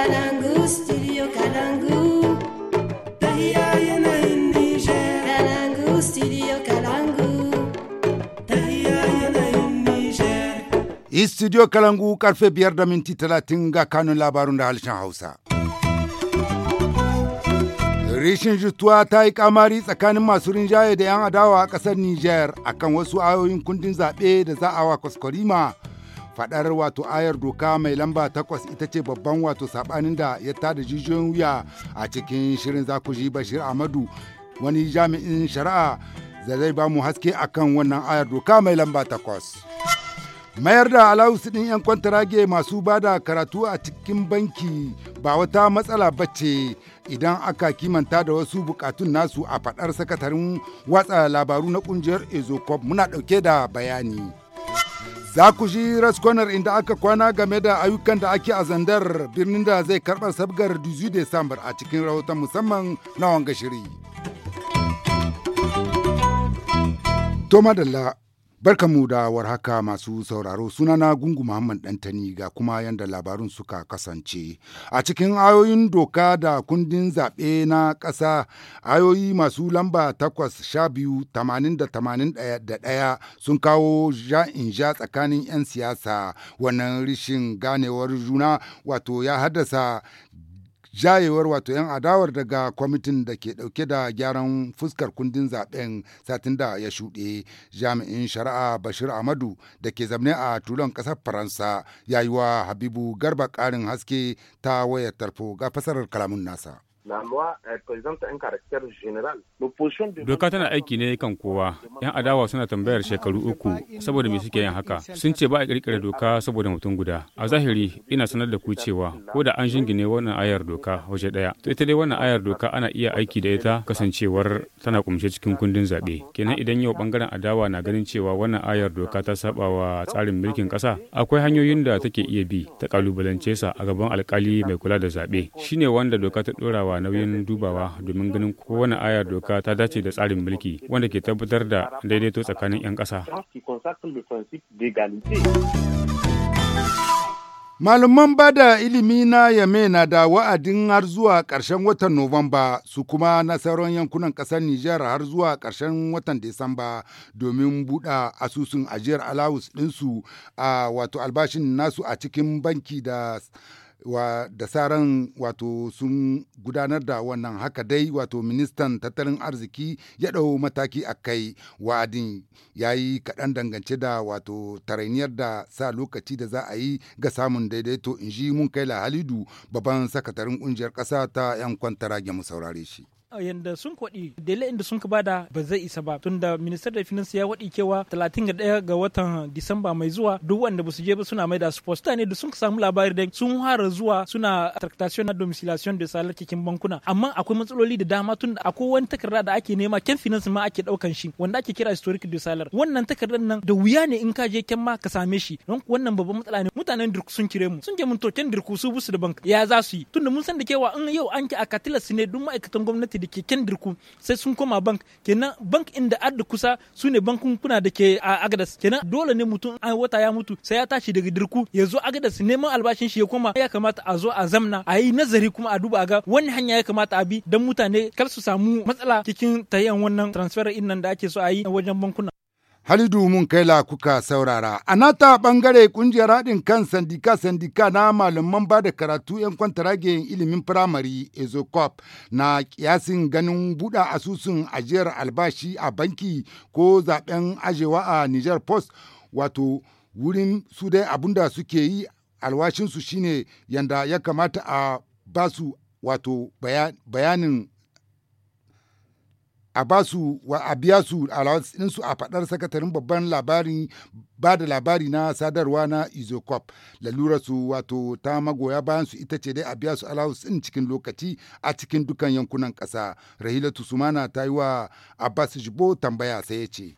Kalangu, studio Kalangu. yanayin Kalangu, studio Kalangu. yanayin karfe biyar da minti talatin ga kanun labarun da harshen Hausa. Rishin jituwa ta yi kamari tsakanin masu rinjaye da 'yan adawa a ƙasar Nijar akan wasu ayoyin kundin zaɓe da za a wa kwaskwarima faɗar wato ayar doka mai lamba takwas ita ce babban wato saɓanin da ya tada jijiyoyin wuya a cikin shirin zakuji bashir amadu wani jami'in shari'a da zai ba mu haske akan wannan ayar doka mai lamba takwas. mayar da alawus ɗin 'yan kwantarage masu ba da karatu a cikin banki ba wata matsala ba ce idan aka kimanta da wasu bukatun nasu a faɗar sakatarin watsa labaru na ƙungiyar ezocop muna ɗauke da bayani Za ku ji raskonar inda aka kwana game da ayyukan da ake a zandar birnin da zai karɓar sabgar 18 Desambar a cikin rahoton musamman na wanga shiri. Toma Dalla barka mu da warhaka masu sauraro sunana Gungu Muhammad Dantani ga kuma yadda labarun suka kasance. A cikin ayoyin doka da kundin zaɓe na ƙasa ayoyi masu lamba takwas sha biyu tamanin da tamanin da ɗaya sun kawo ja in ja tsakanin 'yan siyasa wannan rishin ganewar juna wato ya haddasa jayewar wato 'yan adawar daga kwamitin da ke dauke da gyaran fuskar kundin zaben satin da ya shuɗe jami'in shari'a bashir amadu da ke zamne a tulon ƙasar faransa ya yi habibu garba ƙarin haske ta wayar tarfo ga fasarar kalamun nasa Eh, doka tana aiki e ne kan kowa. 'Yan adawa suna tambayar shekaru uku saboda me suke yin haka. Sun ce ba a ƙirƙira doka saboda mutum guda. A zahiri ina sanar da ku cewa ko da an jingine wannan ayar doka waje ɗaya. To ita dai wannan ayar doka ana iya aiki da ita kasancewar tana kumshe cikin kundin zaɓe. Kenan idan yau ɓangaren adawa na ganin cewa wannan ayar doka ta saba wa tsarin mulkin ƙasa akwai hanyoyin da take iya bi ta ƙalubalance sa a gaban alƙali mai kula da zaɓe. Shine wanda doka ta ɗorawa nauyin dubawa domin ganin kowane ayar doka ta dace da tsarin mulki wanda ke tabbatar da daidaito tsakanin 'yan ƙasa. Malaman da ilimi na Yame na da wa'adin har zuwa ƙarshen watan Nuwamba su kuma na sauran yankunan ƙasar Nijar har zuwa ƙarshen watan Disamba domin buɗe asusun ajiyar alawus ɗinsu a wato albashin nasu a cikin banki da wa da saran wato sun gudanar da wannan haka dai wato ministan tattalin arziki ya ɗau mataki a kai wa'adin ya yi kaɗan dangance da wato tarainiyar da sa lokaci da za a yi ga samun daidaito in ji mun kai halidu babban sakatarin ƙungiyar ƙasa ta 'yan kwantara mu saurare shi. yanda sun kwaɗi dele inda sun bada ba zai isa ba tunda minister da finance ya waɗi cewa 31 ga watan disamba mai zuwa duk wanda ba su je ba suna mai da su posta ne da sun samu labari da sun fara zuwa suna tractation na domiciliation da salar cikin bankuna amma akwai matsaloli da dama tun akwai wani takarda da ake nema ken finance ma ake daukan shi wanda ake kira historic de salar wannan takardar nan da wuya ne in ka je ken ma ka same shi don wannan babban matsala ne mutanen dirku sun kire mu sun je mun to ken dirku su busu da bank ya za su yi tunda mun san da cewa in yau an ki a katilas ne duk ma'aikatan gwamnati da ke kendirku sai sun koma bank kenan bank inda adda kusa su ne bankunkuna da ke a agadas kenan dole ne mutum an wata ya mutu sai ya tashi daga dirku ya zo agadas neman albashin shi ya koma ya kamata a zo a zamna a yi nazari kuma a duba ga wani hanya ya kamata a bi don mutane kar su samu matsala cikin tayan wannan transfer in nan da ake so a yi a wajen bankuna Halidu mun la kuka saurara. A nata bangare kungiyar haɗin kan sandika sandika na malaman ba da karatu 'yan kwantaragen ilimin firamare Ezocop na kiyasin ganin buɗe asusun ajiyar albashi a banki ko zaben ajewa a Niger Post wato wurin su dai abinda suke yi alwashinsu shine yanda ya kamata a basu wato bayanin a ba su a biya su su a faɗar sakatarin babban labari ba da labari na sadarwa na izocop su wato ta magoya bayan su ita ce dai a biya su allowance ɗin cikin lokaci a cikin dukkan yankunan ƙasa rahilatu sumana ta yi wa abbas jibo tambaya sai ya ce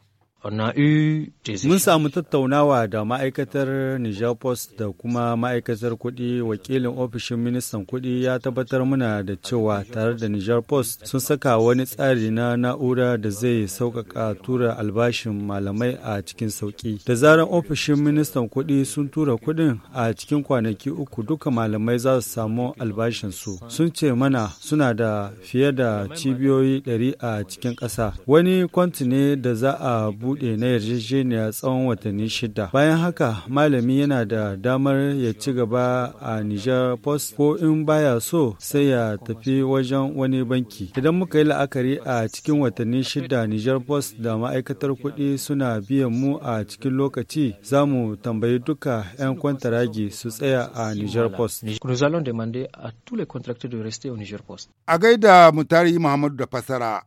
Mun samu tattaunawa da ma'aikatar Niger Post da kuma ma'aikatar kuɗi wakilin ofishin ministan kuɗi ya tabbatar muna da cewa tare da Niger Post sun saka wani tsari na na'ura da zai sauƙaƙa tura albashin malamai a cikin sauƙi. Da zarar ofishin ministan kuɗi sun tura kuɗin a cikin kwanaki uku duka malamai za su samu albashinsu. Sun ce mana suna da fiye da cibiyoyi ɗari a cikin ƙasa. Wani kwanti ne da za a buɗe na yarjejeniya tsawon watanni shida. Bayan haka malami yana da damar ya ci gaba a Niger Post ko in baya so sai ya tafi wajen wani banki. Idan muka yi la'akari a cikin watanni shida Niger Post da ma'aikatar kuɗi suna biyan mu a cikin lokaci za mu tambayi duka 'yan kwantaragi su tsaya a Niger Post. A gaida Mutari Muhammadu da fasara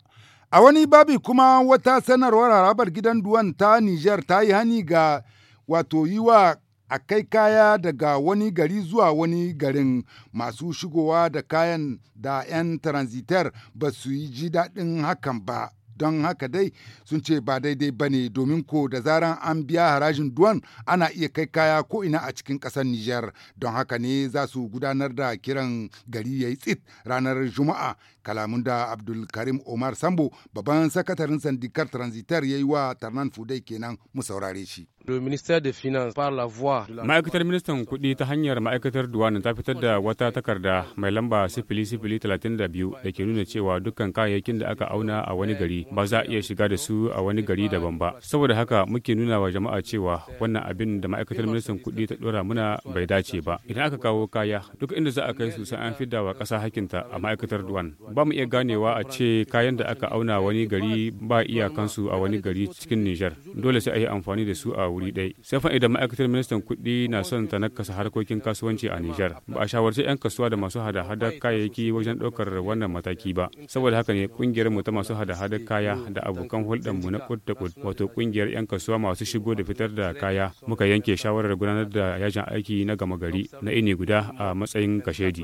A wani babi kuma wata sanarwar harabar gidan duwan ta Nijar ta yi hani ga wato yi wa a kai kaya daga wani gari zuwa wani garin masu shigowa da kayan da 'yan transiter ba su yi ji daɗin hakan ba. don haka dai sun ce ba daidai ba ne domin ko da zaran an biya harajin duwan ana iya kai kaya ko ina a cikin ƙasar Nijar don haka ne za su gudanar da kiran gari ya yi tsit ranar Juma'a kalamun da abdulkarim omar sambo babban sakatarin sandikar transitar ya yi wa tarnan fudai kenan mu saurare shi ma'aikatar ministan kuɗi ta hanyar ma'aikatar duwanin ta fitar da wata takarda mai lamba sifili sifili talatin da biyu da ke nuna cewa dukkan kayayyakin da aka auna a wani gari ba za a iya shiga da su a wani gari daban ba saboda haka muke nuna wa jama'a cewa wannan abin da ma'aikatar ministan kuɗi ta ɗora muna bai dace ba idan aka kawo kaya duk inda za a kai su sai an fidda wa ƙasa hakinta a ma'aikatar duwan ba mu iya ganewa a ce kayan da aka auna wani gari ba iyakansu a wani gari cikin Nijar. Dole sai a yi amfani da su a wuri ɗaya. Sai fa idan ma'aikatar ministan kuɗi na son ta nakasa harkokin kasuwanci a Nijar. Ba a shawarci 'yan kasuwa da masu hada-hadar kayayyaki wajen ɗaukar wannan mataki ba. Saboda haka ne ƙungiyar mu ta masu hada-hadar kaya da abokan hulɗar mu na kud kud wato ƙungiyar 'yan kasuwa masu shigo da fitar da kaya muka yanke shawarar gudanar da yajin aiki na gama gari na ini guda a matsayin kashedi.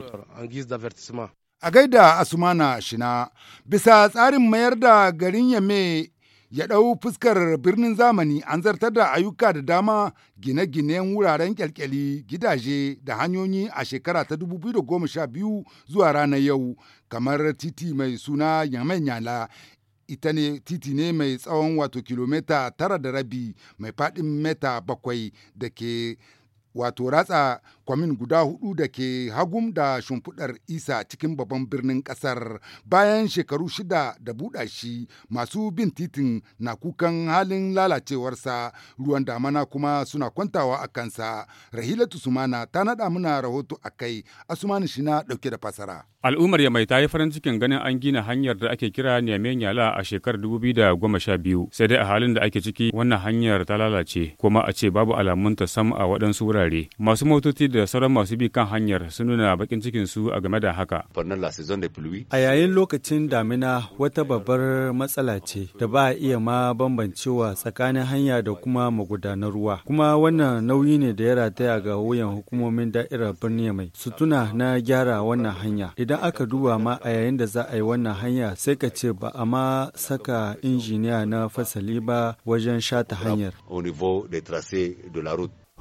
A gaida Asumana Shina, bisa tsarin mayar da garin Yame ya ɗau fuskar birnin zamani an zartar da ayyuka da dama gine-ginen wuraren kyalkyali gidaje da hanyoyi a shekara ta 2012 zuwa ranar yau kamar titi mai suna yamen yala ita ne titi ne mai tsawon wato kilomita tara da rabi mai faɗin mita bakwai da ke wato ratsa kwamin guda hudu da ke hagum da shimfiɗar isa cikin babban birnin ƙasar bayan shekaru shida da buɗa shi masu bin titin na kukan halin lalacewarsa ruwan damana kuma suna kwantawa a kansa rahila tusumana ta naɗa mana rahoto a kai asumani shi na ɗauke da fasara al'ummar yamai ta yi farin cikin ganin an gina hanyar da ake kira neme yala a shekarar biyu sai dai a halin da ake ciki wannan hanyar ta lalace kuma a ce babu alamun ta sam a waɗansu wurare masu motoci da sauran masu bi kan hanyar sun nuna bakin cikin su a game da haka. A yayin lokacin damina wata babbar matsala ce da ba a iya ma bambancewa tsakanin hanya da kuma magudanar ruwa. Kuma wannan nauyi ne da ya rataya ga wuyan hukumomin da'irar birni mai su tuna na gyara wannan hanya. Idan aka duba ma a yayin da za a yi wannan hanya sai ka ce ba a ma saka injiniya na fasali ba wajen shata hanyar.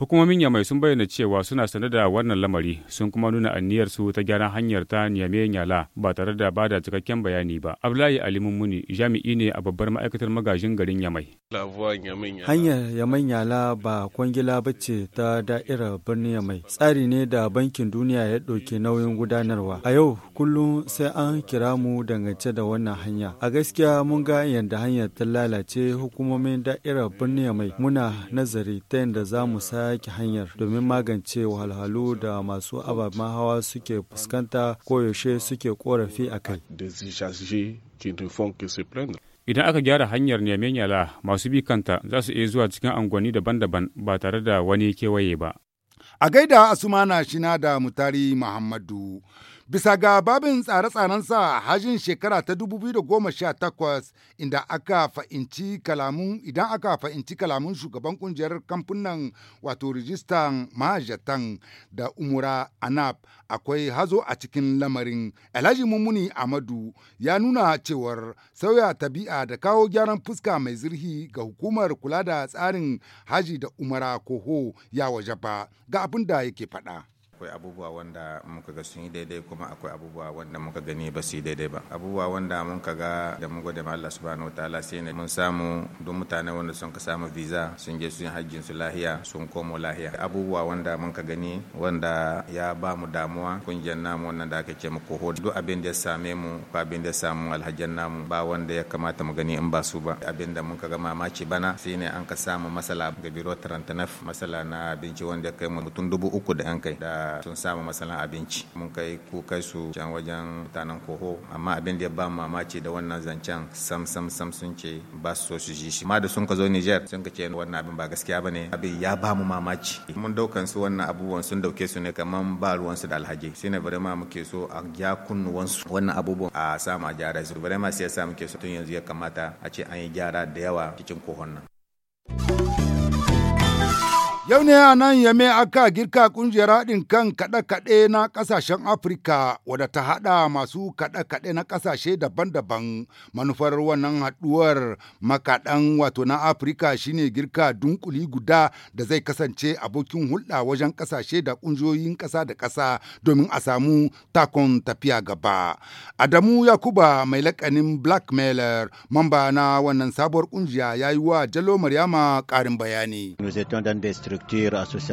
Hukumomin Yamai sun bayyana cewa suna sane da wannan lamari sun kuma nuna su ta gyara hanyar ta Niyame Nyala ba tare da bada cikakken bayani ba. Abdullahi Ali Mummuni jami'i ne a babbar ma'aikatar magajin garin Yamai. Hanyar Yamai Nyala ba kwangila ba ce ta da'irar birnin Yamai. Tsari ne da Bankin Duniya ya ɗauki nauyin gudanarwa. A yau kullum sai an kira mu dangance da wannan hanya. A gaskiya mun ga yadda hanyar ta lalace hukumomin da'irar birnin Yamai muna nazari ta yadda za mu sa yake hanyar domin magance wahalhalu da masu ababen hawa suke fuskanta koyaushe suke korafi a kai. Idan aka gyara hanyar neman yala masu bi kanta za su iya zuwa cikin angoni daban-daban ba tare da wani kewaye ba. A gaida na Shina da Mutari Muhammadu. Bisa ga babin tsare-tsarensa tsaren hajin shekara ta 2018 inda aka fa'inci kalamun idan aka fa'inci kalamun shugaban kungiyar kamfunan wato rijistan mahajatan da umura anap akwai hazo a cikin lamarin. Alhaji Mummuni Amadu ya nuna cewar sauya tabi'a da kawo gyaran fuska mai zurfi ga hukumar kula da tsarin haji da umara koho ya wajaba ga abin da yake faɗa. akwai abubuwa wanda muka ga sun yi daidai kuma akwai abubuwa wanda muka gani ba su yi daidai ba abubuwa wanda mun ka ga da mun gode ma Allah subhanahu wataala sai ne mun samu duk mutane wanda sun ka samu visa sun je sun hajjin su lahiya sun komo lahiya abubuwa wanda mun ka gani wanda ya ba mu damuwa kungiyar namu wannan da aka ce mu koho duk abin da ya same mu ko abin da ya samu alhajjan namu ba wanda ya kamata mu gani in ba su ba abin da mun ka ga mamaci bana sai ne an ka samu masala ga biro 39 masala na binci wanda ya kai mu mutum dubu uku da an kai da tun sun samu matsalan abinci mun kai kukai su can wajen mutanen koho amma abin da ya ba mamaci da wannan zancen sam sam sam sun ce ba su so su ji shi amma da sun ka zo Niger sun ka ce wannan abin ba gaskiya bane abin ya ba mu mamaci mun daukan su wannan abubuwan sun dauke su ne kaman ba ruwan su da alhaji ne bare ma muke so a ja kunnuwan su wannan abubuwan a sama gyara su bare ma sai ya sa muke so tun yanzu ya kamata a ce an yi gyara da yawa cikin kohon nan Yau ne a nan Yame aka girka kungiyar haɗin kan kaɗe-kaɗe na ƙasashen Afirka wadda ta haɗa masu kaɗe-kaɗe na ƙasashe daban-daban. Manufar wannan haɗuwar makaɗan wato na Afirka shine girka dunkuli guda da zai kasance abokin hulɗa wajen ƙasashe da ƙungiyoyin ƙasa da ƙasa domin a samu takon tafiya gaba. Adamu Yakuba mai lakanin Blackmailer mamba na wannan sabuwar ƙungiya ya yi wa Jalo Maryama ƙarin bayani.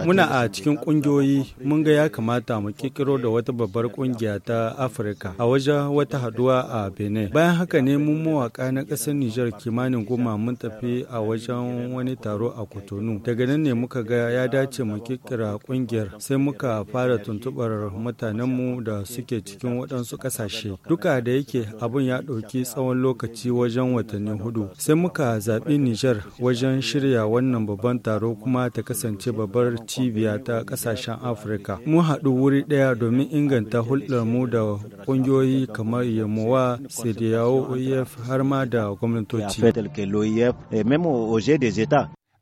Muna a cikin kungiyoyi mun ga ya kamata mu kikiro da wata babbar kungiya ta Afirka a wajen wata haduwa a Benin. Bayan haka ne mun mawaka na ƙasar Nijar kimanin goma mun tafi a wajen wani taro a Kotonu. Daga nan ne muka ga ya dace mu kikira kungiyar sai muka fara tuntubar mutanenmu da suke cikin waɗansu ƙasashe. Duka da yake abun ya ɗauki tsawon lokaci wajen watanni hudu. Sai muka zaɓi Nijar wajen shirya wannan babban taro kuma ta kasance kasance babbar cibiya ta kasashen afirka mun haɗu wuri ɗaya domin inganta hulɗar mu da ƙungiyoyi kamar yamuwa sediyawo oyef har ma da gwamnatoci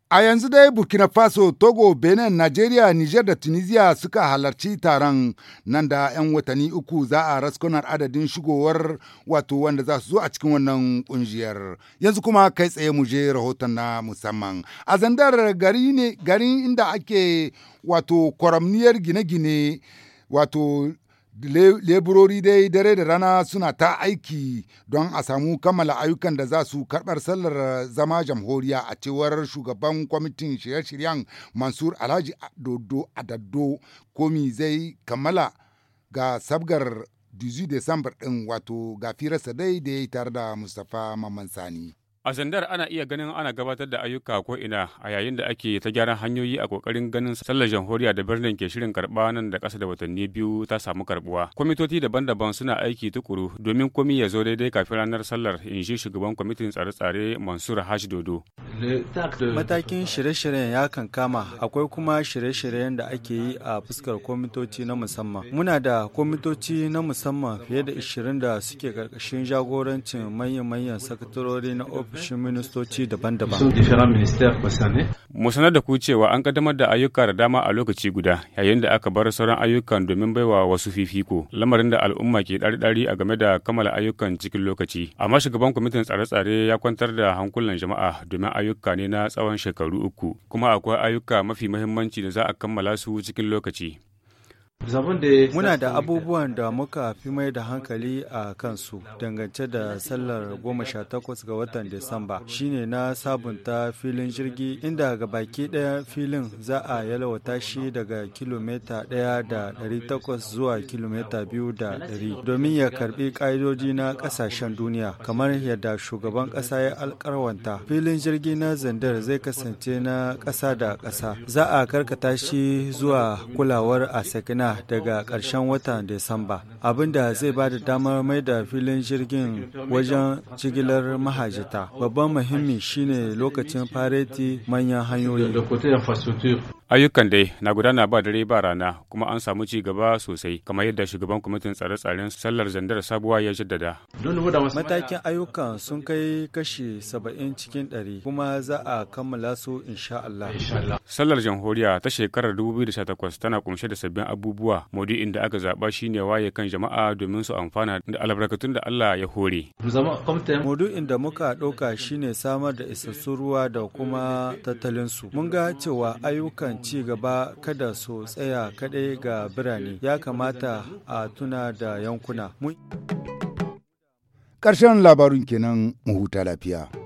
A yanzu dai Burkina Faso, Togo, Benin, Najeriya, Niger da Tunisia suka halarci taron nan da 'yan watanni uku za a raskunar adadin shigowar wato wanda za su zo a cikin wannan kungiyar. Yanzu kuma kai tsaye mu je rahoton na musamman. A zandar gari ne garin inda ake wato kwaramniyar gine-gine wato leburori dai dare da rana suna ta aiki don a samu kammala ayyukan da za su karɓar sallar zama jamhuriya a cewar shugaban kwamitin shirye-shiryen mansur alhaji dodo a daddo komi zai kammala ga sabgar 18 desambar ɗin wato ga firarsa dai da ya yi tare da mustapha mamman sani A zandar ana iya ganin ana gabatar da ayyuka ko ina a yayin da ake ta gyaran hanyoyi a kokarin ganin sallar jamhuriya da birnin ke shirin karɓa nan da ƙasa da watanni biyu ta samu karɓuwa. Kwamitoci daban-daban suna aiki tukuru domin komi ya zo daidai kafin ranar sallar in ji shugaban kwamitin tsare-tsare Mansur Haj Dodo. Matakin shirye-shiryen ya kankama akwai kuma shirye-shiryen da ake yi a fuskar kwamitoci na musamman. Muna da kwamitoci na musamman fiye da 20 da suke karkashin jagorancin manyan-manyan sakatarori na ofis ofishin ministoci daban-daban. Mu sanar da ku cewa an kaddamar da ayyuka da dama a lokaci guda yayin da aka bar sauran ayyukan domin baiwa wasu fifiko lamarin da al'umma ke ɗari-ɗari a game da kammala ayyukan cikin lokaci. Amma shugaban kwamitin tsare-tsare ya kwantar da hankulan jama'a domin ayyuka ne na tsawon shekaru uku kuma akwai ayyuka mafi muhimmanci da za a kammala su cikin lokaci. Muna da abubuwan da muka fi mai da hankali a kansu dangance da sallar goma sha takwas ga watan Disamba shine na sabunta filin jirgi inda ga baki ɗaya filin za a yalwata shi daga kilomita da takwas zuwa kilomita biyu da ɗari. domin ya karbi ka'idoji na kasashen duniya kamar yadda shugaban kasa ya alkarwanta filin jirgi na zandar zai kasance na ƙasa da ƙasa. za a karkata shi zuwa kulawar a sakina magana daga ƙarshen watan Disamba, abin da zai ba da damar mai da filin jirgin wajen jigilar mahajita. Babban muhimmi shine lokacin fareti manyan hanyoyi. ayyukan dai na gudana ba dare ba rana kuma an samu ci gaba sosai kamar yadda shugaban kwamitin tsare-tsaren sallar zandar sabuwa ya jaddada matakin ayyukan sun kai kashi saba'in cikin ɗari kuma za a kammala su insha Allah sallar jamhuriya ta shekarar 2018 tana kumshe da sabbin abubuwa modi inda aka zaba shine waye kan jama'a domin su amfana da albarkatun da Allah ya hore maudu'in inda muka ɗauka shine samar da isassun ruwa da kuma tattalin su mun ga cewa ayyukan wannan ci gaba kada su tsaya kaɗai ga birane ya kamata a tuna da yankuna. Ƙarshen labarun kenan mu huta lafiya.